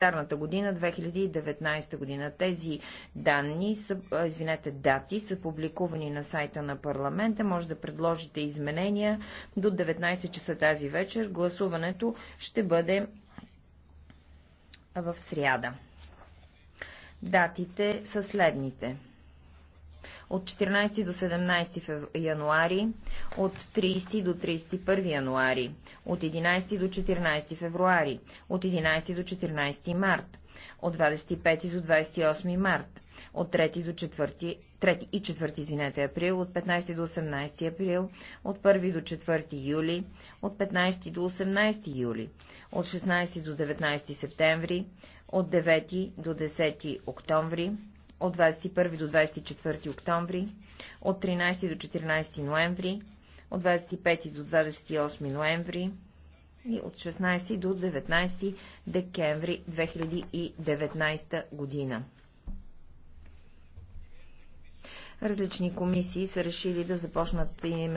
календарната година 2019 година. Тези данни са, извинете, дати са публикувани на сайта на парламента. Може да предложите изменения до 19 часа тази вечер. Гласуването ще бъде в сряда. Датите са следните от 14 до 17 януари, от 30 до 31 януари, от 11 до 14 февруари, от 11 до 14 март, от 25 до 28 март, от 3 до 4, 3 и 4 извинете, април, от 15 до 18 април, от 1 до 4 юли, от 15 до 18 юли, от 16 до 19 септември, от 9 до 10 октомври, от 21 до 24 октомври, от 13 до 14 ноември, от 25 до 28 ноември и от 16 до 19 декември 2019 година. Различни комисии са решили да започнат им